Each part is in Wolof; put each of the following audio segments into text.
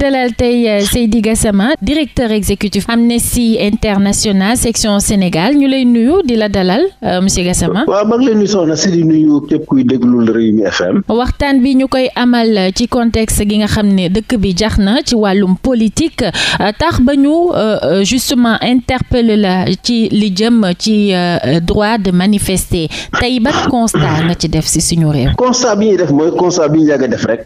dalal tey euh, Seydi Gassama directeur exécutif Amnesty International section Sénégal ñu lay nuyu di la dalal euh, monsieur Gassama. waaw maa ngi lay nuyu soxna si nuyu képp kuy déglu Rewmi FM. waxtaan bi ñu koy amal euh, ci contexte gi nga xam ne dëkk bi jax na ci wàllum politique tax ba ñu justement interpellé la ci li jëm ci droit de manifester tey ban constat nga ci def si suñu réew. constat bi ñuy def mooy constat bi ñu yàgg def rek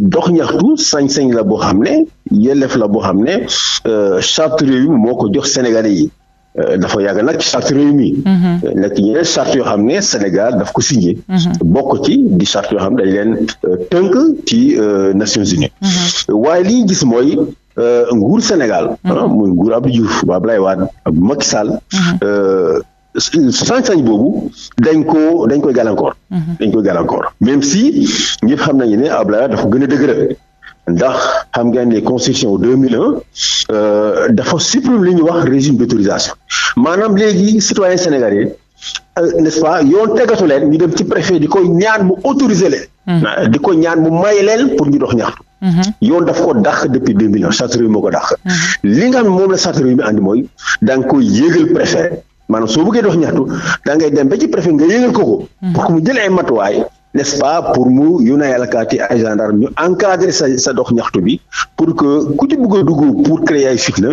dox ñaxtu sañ-sañ la boo xam ne yelleef la boo xam ne euh, charte réew mi moo ko jox Sénégalais yi euh, dafa yàgg nag ci charte réew mi. Mm-hmm. Euh, nekk ñeneen charte yoo xam ne Sénégal daf ko signé. Mm-hmm. bokk ci di charte yoo xam ne dañ leen tënk ci Nations Unies. Mm-hmm. waaye li ñu gis mooy. nguur Sénégal. Ah, muy nguur Abdou Diouf ba Abdoulaye Wade ak Macky Sall. sañ-sañ boobu dañ koo dañ koy gàllankoor. Mhm. dañ koy gàllankoor même si ñëpp xam nañu ne Abdoulaye dafa gën a dëgëral ndax xam ngeen ne constitution 2001 euh, dafa supprimer li ñuy wax régime d'autorisation maanaam léegi citoyen sénégalais euh, n'est-ce pas yoon tegatu leen ñu dem ci préfet di koy ñaan mu autoriser leen. Mhm. Ah, di ko ñaan mu may leen pour ñu dox ñaxtu. Mhm. yoon daf ko dàq depuis 2001 charte réew moo ko dàq. li nga xam moom la charte réew mi andi mooy da koy yëgal préfet. maanaam soo bëggee dox ñaxtu da ngay dem ba ci préfet nga yëgal ko ko. Hmm. pour que mu jël ay matuwaay. n'est-ce pour mu ne na yàllakaati ay gendarme ñu encadrer sa sa dox ñaxtu bi pour que ku ci bëgg a dugg pour créer ay fitna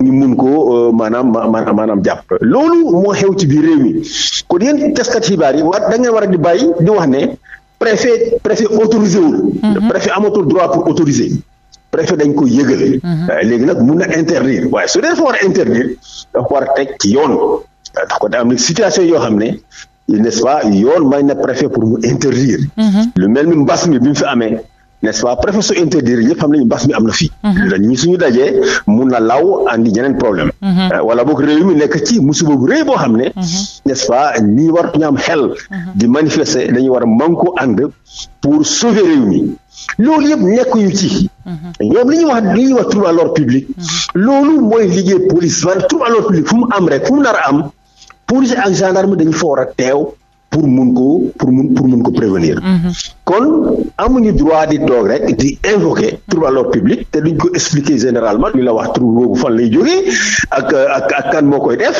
ñu mun ko euh, maanaam maanaam maanaam jàpp loolu moo xew ci biir réew mi kon yéen taskat xibaar yi war da ngeen war a di bàyyi di wax ne préfet préfet autorisé wul hmm. préfet amatul droit pour autoriser préfet dañ koy yëgal hmm. euh, léegi nag mun na interdire waaye su dee dafa war a interdire dafa war a teg ci yoon ndax ko da am na situation yoo xam ne n'est-ce pas yoon may na préfet pour mu interdire mhm. lu mel ni mbas mi bi mu fi amee n'est-ce pas préfet su interdire ñëpp xam nañu mbas mi am na fii mhm. dañu suñu dajee mun na law andi yeneen problème mhm. euh, wala boog réew nekk ci musiba bu rëy boo xam ne nest ñi war ñu am xel di manifester dañu war a manko pour sauver réew loolu yëpp nekkuñu ci ñoom li ñuy wax li ñuy wax trouble loolu mooy liggéey police man trouble à l'ordre public fu am rek fu nar a am police ak gendarme dañu fa war a teew pour mun ko pour mun pour mun ko prévenir. Mhm. kon amuñu droit di toog rek di invoquer trouble à l'ordre public te duñ ko expliquer généralement duñ la wax trouble boobu fan lay jógee ak kan moo koy def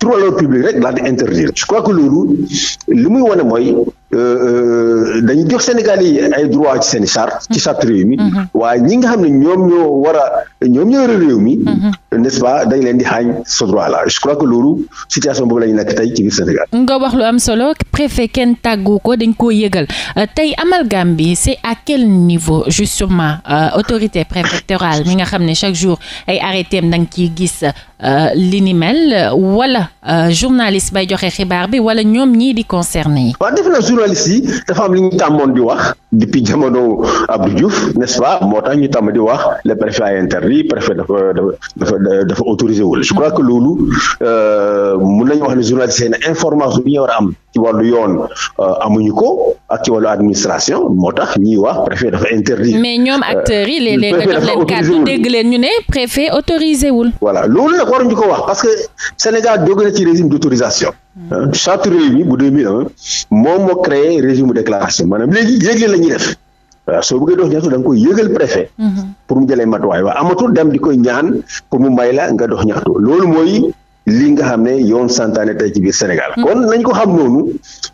trouble public rek daal interdire je crois que muy wane mooy Euh, euh, dañ jox Sénégal yi ay droit ci seeni charte ci charte réew mi mm-hmm. Mm-hmm. waaye ñi nga xam ne ñoom ñoo wara a ñoom ñoo réew mi mm-hmm. n'est-ce pas dañ leen di xaañ ce droit là je crois que loolu situation boobu la ñu nekk tey ci biir Sénégal nga wax lu am solo préfet kenn tàggu ko dañ koo yëgal euh, tey amalgame bi c'est à quel niveau justement autorité préfectorale mi nga xam ne chaque jour ay arrêté am da nga ciy gis Euh, li ni mel wala euh, journaliste bay joxe xibaar bi wala ñoom ñii di concerné yi. waaw defe naa journaliste yi dafa am li ñu tàmmoon di wax depuis jamono ab Diouf n'est-ce pas moo tax ñu tàmm di wax le préfet a interdit préfet dafa dafa dafa autorisé wul. je crois que loolu euh, mun nañu wax ne journaliste seen information bi ñu a am. ci wàllu yoon euh, amuñu ko ak ci wàllu administration moo tax ñii wax préfet dafa interdit. mais ñoom euh, acteurs yi léeg-léeg nga jox leen kàddu loolu nag waruñu ko wax parce que Sénégal jóge na ci régime d'autorisation. Hmm. charte réew mi bu 2001 moom moo créé régime déclaration maanaam léegi yëgle la ñuy def waaw soo bëggee dox ñaxtu da nga koy yëgal préfet. Hmm. pour mu jëlee matuwaay waaw amatul dem di koy ñaan pour mu may nga dox ñaxtu loolu mooy. li nga xam ne yoon santaane tey ci biir Sénégal. kon nañ ko xam noonu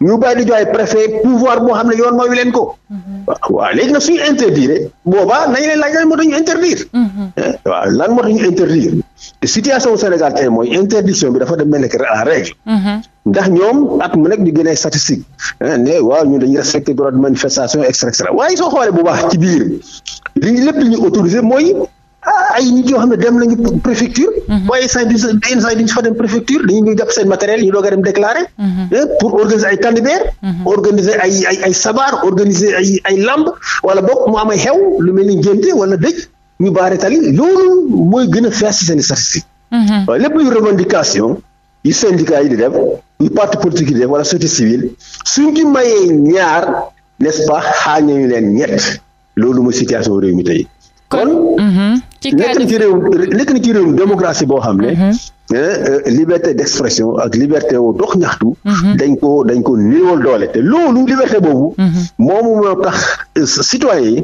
ñu bàyyi di jox ay préfet pouvoir boo xam ne yoon mayu leen ko. Mhm. waaw léegi nag suñu interdire boobaa nañ leen laaj lan moo tax ñu interdire. Mhm. Eh, waaw lan moo tax ñu interdire situation Sénégal tey mooy interdiction bi dafa dem mel nekk en règle. Mhm. ndax ñoom at mu nekk di gën ay statistique eh, ne waaw ñun dañuy respecté droit de manifestation et cetera waaye soo xoolee bu baax ci biir li lépp li ñu autorisé mooy. Ah, ay nit yoo ne dem nañu préfecture. Mhm. waaye saa yi yenn saa dem préfecture seen matériel ñu doog a dem déclarer. Mhm. Eh, pour organiser ay tandibéer. Mhm. organiser ay sabar organiser ay ay lamb wala boog mu am ay xew lu mel ni ngénte wala dëj ñu baare tali loolu mooy gën a fees ci seen statistique. waaye lépp luy revendication yu syndicat yi di def yu parti politique yi di def wala société civile suñ ci mayee ñaar n'est-ce pas xaañañu leen ñett loolu mooy situation réew mi kon. nekk na ci réew nekk na ci réewum démocratie boo xam ne mhm. eh, eh, liberté d'expression ak liberté wu dox ñaxtu mhm. dañ ko dañ ko néewal doole te loolu liberté boobu mhm. moomu a tax eh, citoyen yi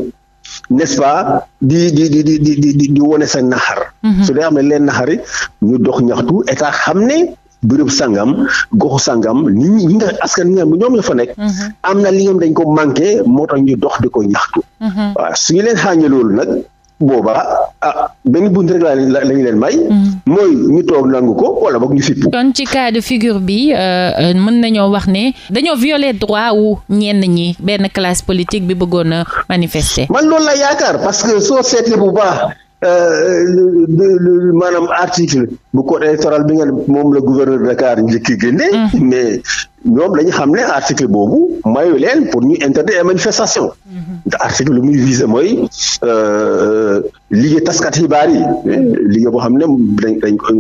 n'est-ce pas di di di di di di di wone sa naxar su dee xam ne leen naxari ñu dox ñaxtu état xam ne bërëb sangam goxu sangam nit ñi nga askan ñi nga xam ne ñoom la fa nekk. am na li nga dañ ko manqué moo tax ñu dox di ko ñaxtu. waaw su ñu leen xàññee loolu nag boobaa ah benn bunt rek la la ñu leen may. Mm-hmm. mooy ñu toog nangu ko wala boog ñu sippu. kon ci cas de figure bi euh, euh, mën nañoo wax ne dañoo violer droit wu ñenn ñi benn classe politique bi bëggoon a manifester. man loolu la yaakaar parce soo seetlee bu baax. Euh, euh, maanaam article bu code électoral bi nga moom la gouverneur Dakar njëkki génne mm-hmm. mais ñoom dañu xam ne article boobu mayu leen pour ñu interdire manifestation mm-hmm. ndax article lu muy visé mooy euh, liggéey taskat xibaar yi liggéey boo xam ne dañ dañ ko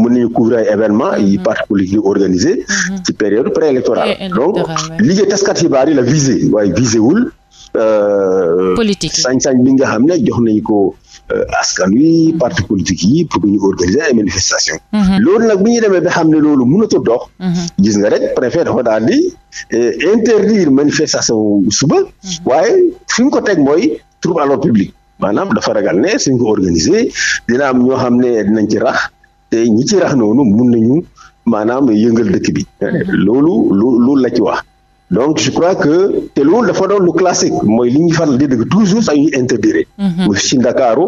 mën nañu couvrir ay événement yi mm-hmm. parti politique yu organisé ci période préélectorale donc liggéey taskat xibaar la visé waaye visé wul Euh, politique sañ-sañ bi nga xam ne jox nañ ko euh, askan wi mm-hmm. parti politique yi pour que ñu organiser ay manifestation mm-hmm. loolu nag bu ñu demee ba xam ne loolu a mënatu dox mm-hmm. gis nga rek préfet dafa daal di euh, interdire manifestation suba waaye fi mu ko teg mooy trouble à l'ordre public maanaam dafa ragal ne suñ ko organiser dina am ñoo xam ne dinañ ci rax te ñi ci rax noonu mun nañu maanaam yëngal dëkk bi loolu lu loolu la ci wax donc je crois que te loolu dafa doon lu classique mooy li ñuy faral di dégg toujours sax ñuy interdire. Mhm. mu si Ndakaaru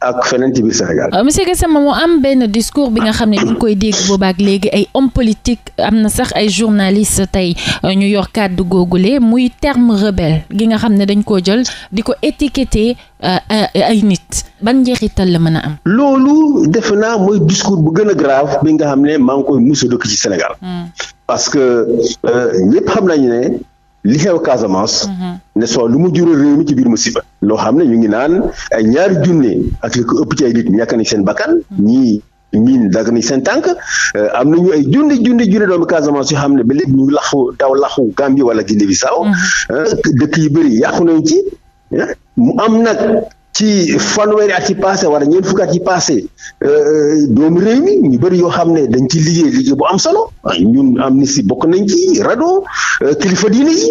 ak feneen ci biir Sénégal. Euh, monsieur sama mu am benn discours bi nga xam ne ñu ngi koy dégg boobaak léegi ay hommes politiques am na sax ay journalistes tey ñu euh, yor kàddu googule muy terme rebelle gi nga xam ne dañ koo jël di ko étiqueter euh, ay nit ban njeexital la mën a am. loolu defe naa mooy discours bu gën a grave bi nga xam ne maa ngi koy mos a dëkk ci Sénégal. Hmm. parce que euh, ñëpp xam nañu ne li xew Casamance. Mhm. ne soo lu mu jural réew mi ci biir musiba. loo xam ne ñu ngi naan ay ñaari junne ak li ko ëpp ci ay nit ñàkk nañ seen bakkan mhm. ñii miin dagg nañ seen tànk euh, am nañu ay junne junne junne doomu Casamance yoo xam ne ba léegi ñu laxu daw laxu Gambie wala Guinée Bissau mhm. euh, dëkk yu bëri yàqu nañ ci ah, mu am nag. ci fanweeri at yi passé wala ñeent fukki at yi passé euh, euh, doomu réew mi ñu bëri yoo xam ne dañ ci liggéey liggéey bu am solo ñun am ni si bokk nañ ci rado euh, kilifa diine yi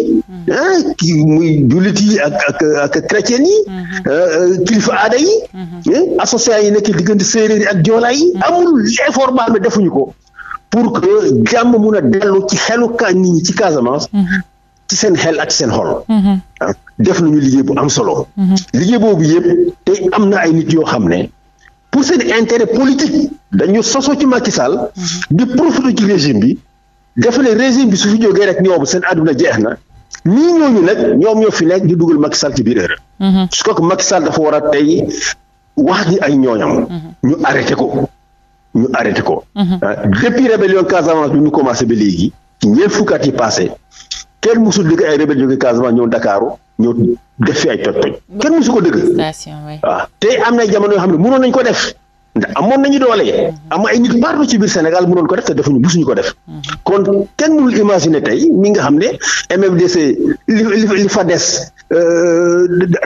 ah ki muy jullit yi ak ak ak chrétien yi mm-hmm. kilifa aada yi mm-hmm. association yi nekk diggante séeréer yi ak joolaa yi amul effort baa defuñu ko pour que jàmm mun a dellu ci xelu ka nit ci Casamance ci seen xel ak seen xol. Mm-hmm. Ah, def nañu liggéey bu am solo. Mm-hmm. liggéey boobu yëpp te am na ay nit yoo xam ne pour seen intérêt politique dañu soso ci Macky Sall. Mm-hmm. di profité ci régime bi. defalee régime bi su fi jógee rek ñoom seen àdduna jeex na. nii ñooñu nag ñoom ñoo fi nekk di dugal Macky Sall ci biir erreur. su ko Macky Sall dafa war a tey wax ji ay ñooñam. ñu arrêté ko ñu arrêté ko. Ah, depuis rébellion Casamance bi ñu commencé ba léegi ñeent fukkaat yi passé kenn musul dëgg ay rebelle jóge Casamance ñëw Dakaaru ñëw def fi ay toj-toj kenn musu ko dëgg waaw te am na jamono yoo xam ne mënoon nañu ko def ndax amoon nañu doole mhm. am ay nit partout ci biir Sénégal mënoon ko def defuñu musuñu ko def mhm. kon kenn mënul imaginer tey mi nga xam ne MFDC li li fa des euh,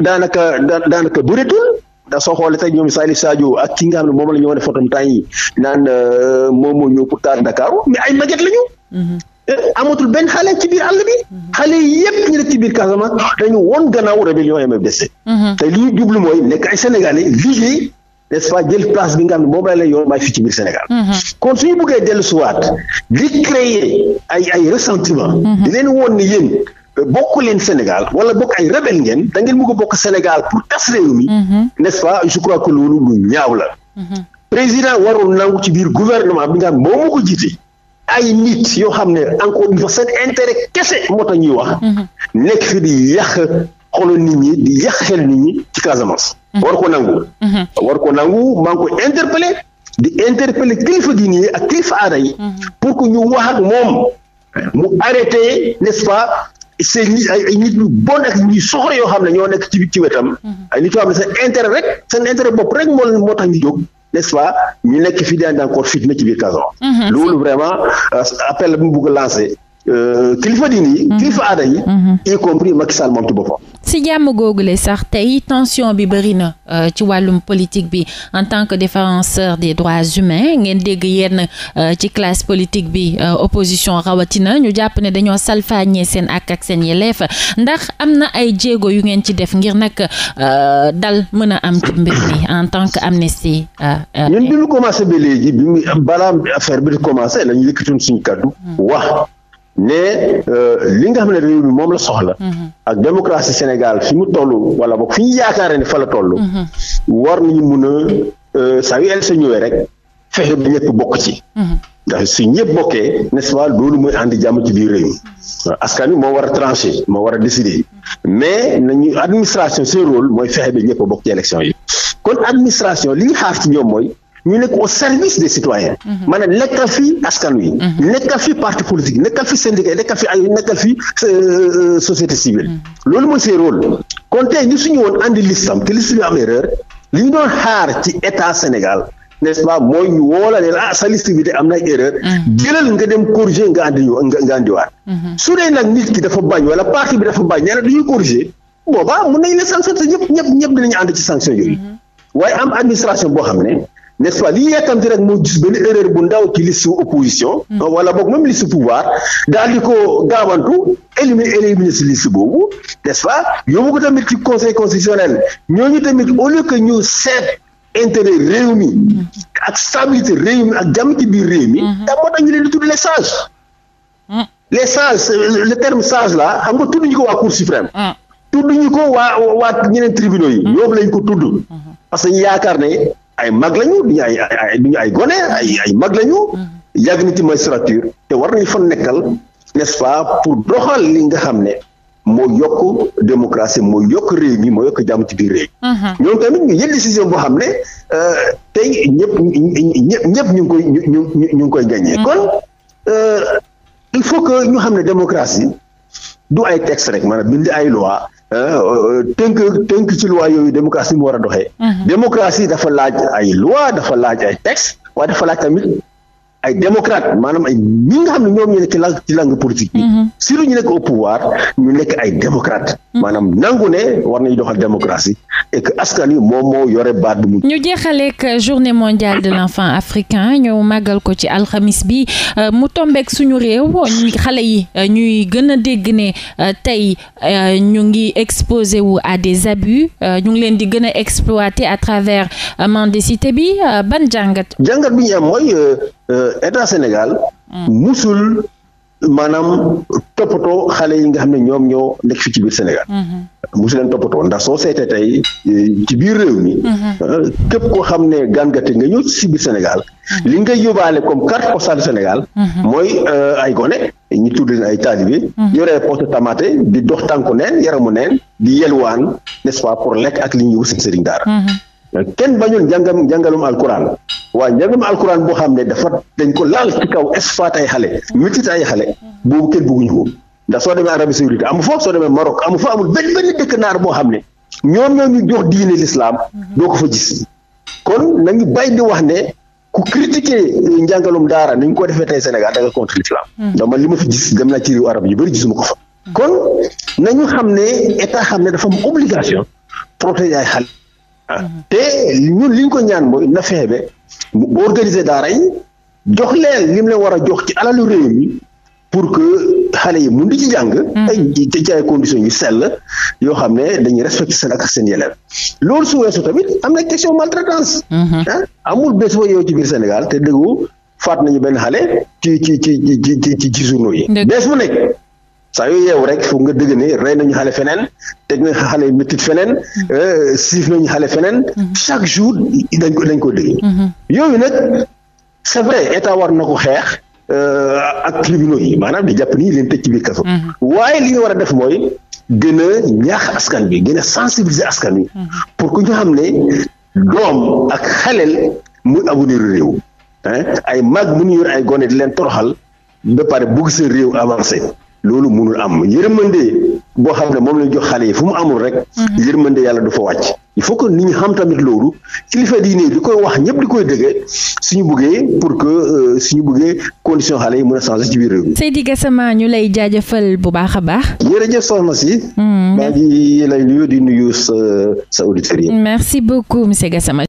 daanaka daanaka bëreetul da soo xoolee tey ñoom Salif Sadio ak ki nga xam ne moom la ñu wane photom temps yi naan euh, moom moo ñëw pour taal Dakar mais ay maget lañu mhm. amatul benn xale ci biir àll bi. xale yépp ñu nekk ci biir Casamance dañu won gannaaw rébellion MFDC. Mhm. te li ñu jublu mooy nekk ay sénégalais vigile nest pas jël bi nga ne moom la lay fii ci biir Sénégal. Mhm. kon suñu buggee dellu suwaat di créer ay ay mhm. euh, wala bokk ay rebelle ngeen da ngeen bëgg a bokk Sénégal pour tas je crois que loolu lu ñaaw la. président warul nangu ci biir gouvernement bi nga xam ne moom moo ko ay nit yoo xam ne encore une fois seen intérêt kese moo tax ñuy wax. nekk fi di yàq xolu nit ñi di yàq xel nit ñi ci Casamance. war ko nangu. war ko nangu maa ngi ko interpellé di interpellé kilifa diine yi ak kilifa aada yi. pour que ñu wax ak moom mu arrêté n'est-ce pas. c'est nit ay nit bon ak ñuy soxla yoo xam ne ñoo nekk ci ci wetam ay nit yoo xam ne seen intérêt rek seen intérêt bopp rek moo moo tax ñu jóg n'est-ce pas ñu nekk fii daan encore fitna ci biir kaso mhm. loolu vraiment euh, appel la bu mu bëgg a Euh, kilifa diini yi. Mhm. kilifa aada yi. Mhm. y compris Macky Sall moom ci boppam. si jàmm googule sax tey tension bi bëri na euh, ci wàllum politique bi en tant que défenseur des droits humains ngeen dégg yenn euh, ci classe politique bi opposition rawatina ñu jàpp ne dañoo salfaañee seen ak ak seen yelleef ndax am na ay jéego yu ngeen ci def ngir nag dal mën a am mbir mi en tant que amnistie. ñun bi mu commencé ba léegi bi mu balaa affaire bi di commencé la ñu yëkkatoon suñu kaddu. Mm. wax ne euh, li nga xam ne réew mi moom la soxla. Mhm. ak démocratie Sénégal fi mu toll wala boog fi ñu yaakaare ne fa la toll. Mhm. war nañu mun a euh, saa yu el sa ñëwee rek fexe bi ñëpp bokk ci. Mhm. ndax su ñëpp bokkee n'est-ce pas loolu mooy andi jàmm ci biir réew mi askan wi moo war a tranché moo war a décider mais nañu administration seen rôle mooy fexe ba ñëpp bokk ci élection yi kon administration li ñu xaar ci ñoom mooy. ñu nekk au service des citoyens mhm. maanaam nekkal fi askan wi mhm. nekkal fi parti politique nekkal fi syndicat nekkal fi ay nekkal fi euh, société civile mhm. loolu mooy seen rôle kon tey ñu suñu woon andi listam te liste bi am erreur li ñu doon xaar ci état Sénégal n'est-ce pas mooy ñu woola leen ah sa liste bi de am na erreur jëlal nga dem corriger nga andi nga andiwaat su dee nag nit ki dafa bañ wala parti bi dafa bañ a duñu corriger boobaa mun nañ la sanction te ñëpp ñëpp ñëpp boo xam ne n'est-ce pas li yekkamti rek moo gis benn erreur bu ndaw ci liste opposition. Hmm. Ah, wala boog même liste pouvoir daal di ko gaawantu éliminer éliminer si liste boobu n'est-ce pas yóbbu ko tamit ci conseil constitutionnel ñooñu tamit au lieu que ñu seet. intérêt réew mi hmm. ak stabilité réew mi ak jam ci biir réew mi daa hmm. moo tax ñu leen di tudd les sages les sages le terme sage là xam nga tudd ñu ko waa cour suprême tudd ñu ko waa waa ñeneen tribunaux yi ñoom lañ ko tudd parce que yaakaar ne ay mag lañu duñu ay ay gone ay ay mag lañu. Mm-hmm. yàgg na ci magistrature te war nañu fa nekkal n'est-ce pas pour doxal li nga xam ne moo yokk démocratie moo yokk réew mi moo yokk jàmm ci biir réew. Mm-hmm. ñoom tamit ñu jël décision boo xam ne euh, tey ñëpp ñëpp ñu ngi koy ñu ngi koy gagné. Mm-hmm. kon euh, il faut que ñu xam ne démocratie du ay texte rek maanaam bind ay loi Euh, euh, tënk tënk ci loi yooyu démocratie mu war a doxee mhm. démocratie dafa laaj ay loi dafa laaj ay texte waaye dafa laaj tamit ay démocrate maanaam ay ñi nga xam ne ñoom ñu nekk lang ci bi. Mhm. surtout ñu nekk au pouvoir ñu nekk ay démocrate mhm. maanaam nangu ne war nañu doxal démocratie et que askan wi moom moo yore baat bu mu. ñu jeexaleeg journée mondiale de l' enfant africain ñëw màggal ko ci alxamis bi euh, mu tombeek suñu réew xale yi euh, ñuy gën a dégg ne euh, tey ñu ngi exposé wu à des abus ñu ngi leen di gën a exploité à travers mendicité bi ban jàngat. jàngat bi ñu am mooy. Euh, état Sénégal. Mm. musul maanaam toppatoo xale yi nga xam ne ñoom ñoo nekk fi ci biir Sénégal. Mm-hmm. musu leen ndax soo seetee tey euh, ci biir réew mi. Mm-hmm. Euh, képp koo xam ne gàngate nga ñëw si biir Sénégal. Mm-hmm. li nga yóbbaale comme carte postale Sénégal. mooy ay gone ñu tudd leen ay taalibe. yore porte tamate di dox tànku neen yaramu neen di yelwaan nest pas pour lekk ak li ñuy wut si sëriñ daara. kenn bañul jàngam jàngalum alquran waaye njàngam alquran boo xam ne dafa dañ ko laal ci kaw esfaat ay xale mitit ay xale boobu kenn bëgguñu ko ndax soo demee Arabie Saoudite amu fa soo demee Maroc amu fa amul benn benn dëkk naar boo xam ne ñoom ñoo ñu jox diine l'islam doo ko fa gis kon nañu bàyyi di wax ne ku critiquer njàngalum daara nañ koo defee tey Sénégal da nga contre l'islam ndax man li ma fi gis dem naa ci réew arab yu bëri gisuma ko fa kon nañu xam ne état xam ne dafa am obligation protéger ay xale Ah. Mhm. te ñun li ñu ko ñaan mooy na fexe ba mu organiser daara yi jox leen lim leen war a jox ci alalu réew mi pour que xale yi mu di ci jàng. Mhm. ay ci condition conditions yu sell yoo xam ne dañuy respecte seen ak seen loolu su weesoo tamit am na question maltraitance. Mhm. Ah, amul bés boo yow ci biir Sénégal te déggu faat nañu benn xale ci ci ci ci ci ci journaux yi. bés mu nekk. saa yoo yeewu rek fu nga dëgg ne rey nañu xale feneen teg nañu xale métit feneen mm-hmm. euh, siif nañu xale feneen mm-hmm. chaque jour dañ ko dañ ko dëgg mm-hmm. yooyu nag c'est vrai état war na ko xeex euh, ak tribunaux yi maanaam di jàpp nii leen tëj ci biir kaso waaye li nga war a def mooy gën a ñaax askan bi gën a sensibiliser askan bi pour que ñu xam ne doom ak xaleel muy avenir réew ay mag mu ñu yor ay gone di leen toroxal ba pare bëgg seen réew avancé loolu mënul am yërmande boo xam ne moom lañ jox xale yi fu mu amul rek. Mhm. yërmande yàlla du fa wàcc. il faut que nit ñi xam tamit loolu kilifa diine di koy wax ñëpp di koy dëgg suñu buggee pour que euh, suñu bëggee condition xale yi mën a changer ci biir réew mi. Seydi Gassama ñu lay jaajëfal bu baax a baax. jërëjëf soxna si. Mhm, maa ngi lay nuyu di nuyu sa sa auditeurs yi. merci beaucoup monsieur Gassama.